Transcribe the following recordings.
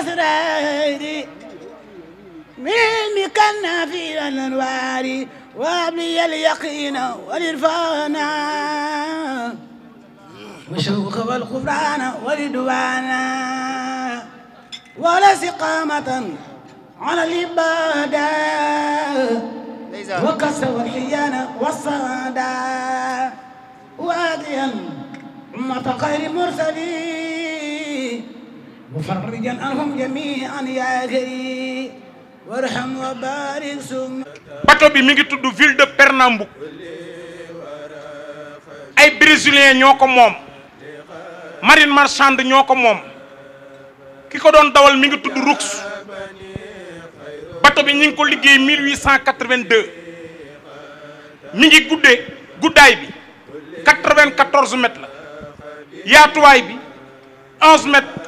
الأسرار ميمي كنا في الأنوار وابلي اليقين والإرفان وشوق والغفران والرضوان ولا سقامة على الإبادة وكسر والحيانة والصادة واديا أمة خير المرسلين مفرجا عنهم جميعا يا غري وارحم وبارك سم bato bi mi ngi tudd ville de Pernambouc ay brésilien ñoo ko moom marine marchande ñoo ko moom ki ko doon dawal mi ngi tudd Roux bato bi ñu ngi ko liggéey 1882 mi ngi guddee guddaay bi 94 la yaatuwaay bi 11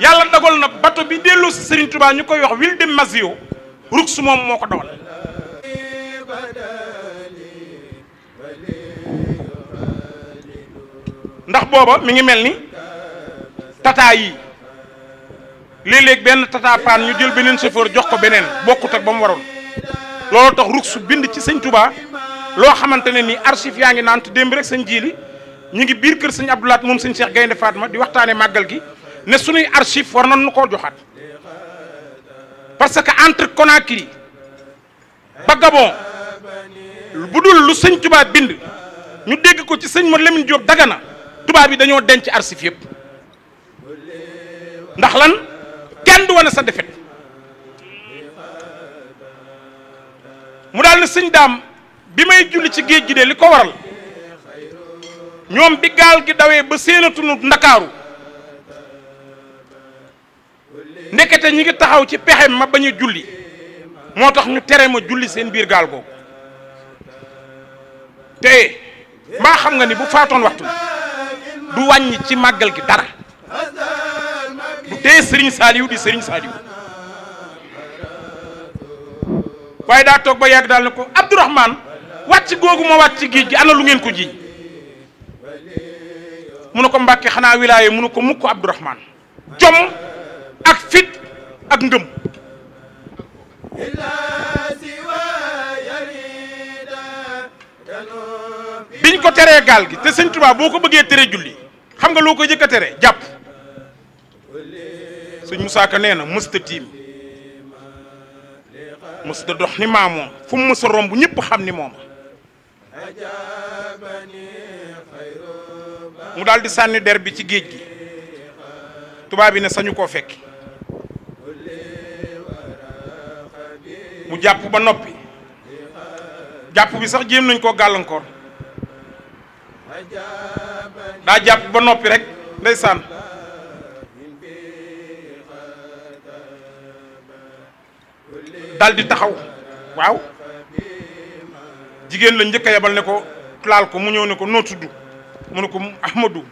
yalla dagol na bato bi delu ci Serigne Touba ñu wax wilde Mazio Roux moom moo ko dawal. ndax booba mi ngi melni tata yi léeg-léeg benn tata pan ñu jël benen chauffeur jox ko benen bokkut ak bam waron waroon tax Roux bind ci serigne Touba lo xamantene ni archive ngi rek serigne Jili ñi ngi biir keur serigne abdoulat mom serigne Cheikh Gaynde Fatma di waxtane magal gi. ne suñuy archive war nañu koo joxaat parce que entre Conakry ba Gabon bu dul lu sëñ tubaab bind ñu dégg ko ci sëñ ma Lamine Diop na tubaab yi dañoo denc archive yëpp ndax lan kenn du wane sa defet mu daal sëñ daam bi may julli ci géej gi de li ko waral ñoom bi gaal gi dawee ba séenatunu ndakaaru ndekete ñi ngi taxaw ci pexe ma bañ a julli moo tax ñu tere ma julli seen biir gaal googu te mbaa xam nga ni bu faatoon waxtu du wàññi ci màggal gi dara du tee Serigne Saliou di Serigne Saliou waaye daa toog ba yàgg daal ne ko Abdourahmane wàcc googu ma ci géej gi ana lu ngeen ko ji mu ne ko Mbàkke xanaa wilaaye mu ne ko mukk Abdourahmane jom ak ngëm biñ ko teree gaal gi te sëñ Tuubaa boo ko bëggee tere julli xam nga loo ko jëkk a tere jàpp sëñ Musaa nee na mësta tiim mësta dox ni maa fu mësa romb ñëpp xam ni moom mu daldi sànni der bi ci géej gi tubaab bi ne sañu koo fekki mu jàpp ba noppi jàpp bi sax jéem nañ koo gàllankoor daa jàpp ba noppi rek ndeysaan dal di taxaw waaw jigéen la njëkk a yebal ne ko laal ko mu ñëw ne ko noo tudd mu ne ko Ahmadou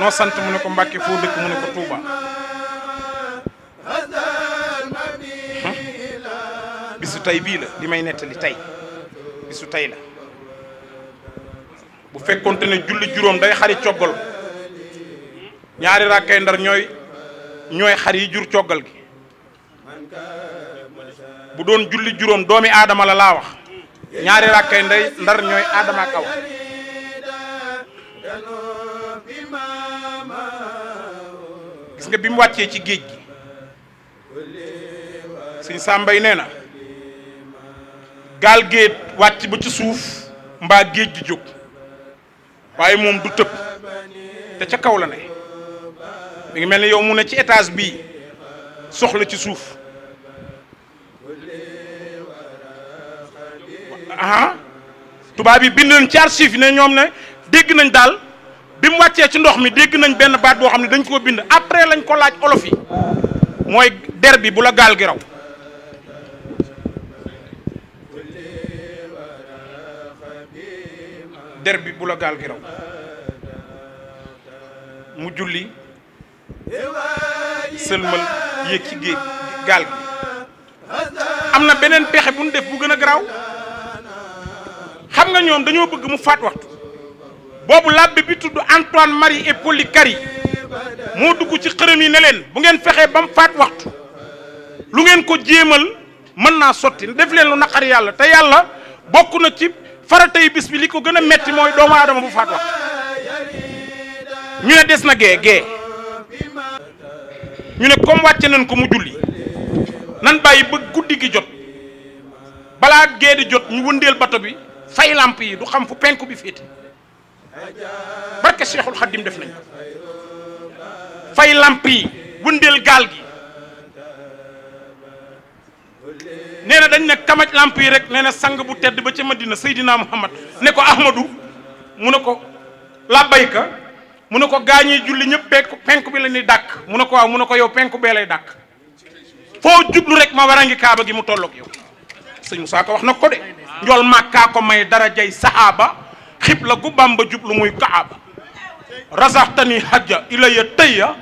noo sant mu ne ko Mbàkke foo dëkk mu ne ko Touba. tay bi la limay netali tay bisu tay la bu fekkonté né julli juroom day xari ciogal ñaari rakay ndar ñoy ñoy xari jur ciogal gi bu doon julli juroom doomi adama la la wax ñaari rakay ndey ndar ñoy adama kaw gis nga bimu wacce ci geej gi suñ sambay neena gaal géej wàcc ba ci suuf mbaa géej gi jóg waaye moom du tëb te ca kaw la ne mi ngi mel ni yow mu ne ci étage bii soxla ci suuf tubaab yi bind nañ ci archive yi ne ñoom ne dégg nañ daal bi mu wàccee ci ndox mi dégg nañ benn baat boo xam ne dañ koo bind après lañ ko laaj olof yi mooy der bi bu la gaal gi raw der bi bu la gaal gi raw mu julli sëlmal yéeg ci géej gaal gi am na beneen pexe bu ñu def bu gën a garaaw xam nga ñoom dañoo bëgg mu faat waxtu boobu làbbe bi tudd Antoine Marie et Polycarpe moo dugg ci xërëm yi ne leen bu ngeen fexee ba mu faat waxtu lu ngeen ko jéemal mën naa sotti def leen lu naqari yàlla te yàlla bokk na ci faratay bis bi li ko gën a metti mooy doomu aadama bu faat wax ñu ne des na gee gee ñu ne comme wàcce nañ ko mu julli nan bàyyi ba guddi gi jot balaa gee di jot ñu wëndeel bato bi fay làmp yi du xam fu penku bi féete barke Seexul Xaddim def nañ ko fay làmp yi wëndeel gaal gi nee dañ ne kamaj lamp yi rek nee sang bu tedd ba ci medina sayidina Muhammad ne ko ahmadu munako labayka munako gañi julli ñëpp penku penku bi la ni dak munako wa munako yow penku be lay dak fo jublu rek ma warangi kaaba gi mu tollok yow señu Moussa ko wax na ko de ndol makka ko may dara jay sahaba khibla gu Bamba jublu muy kaaba rasaxtani hajja ilayya tayya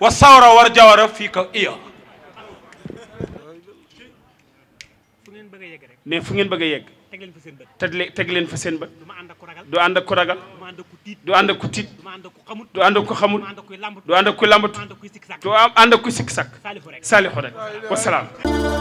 wa sawra war jawara iya ne fu ngeen bëgg a yegg teg leen bët teg leen ku ragal du ànd ku tiit du ànd ku xamut du ànd ku lambatu du ànd ku sikk sàkk saalixu rek wasalaam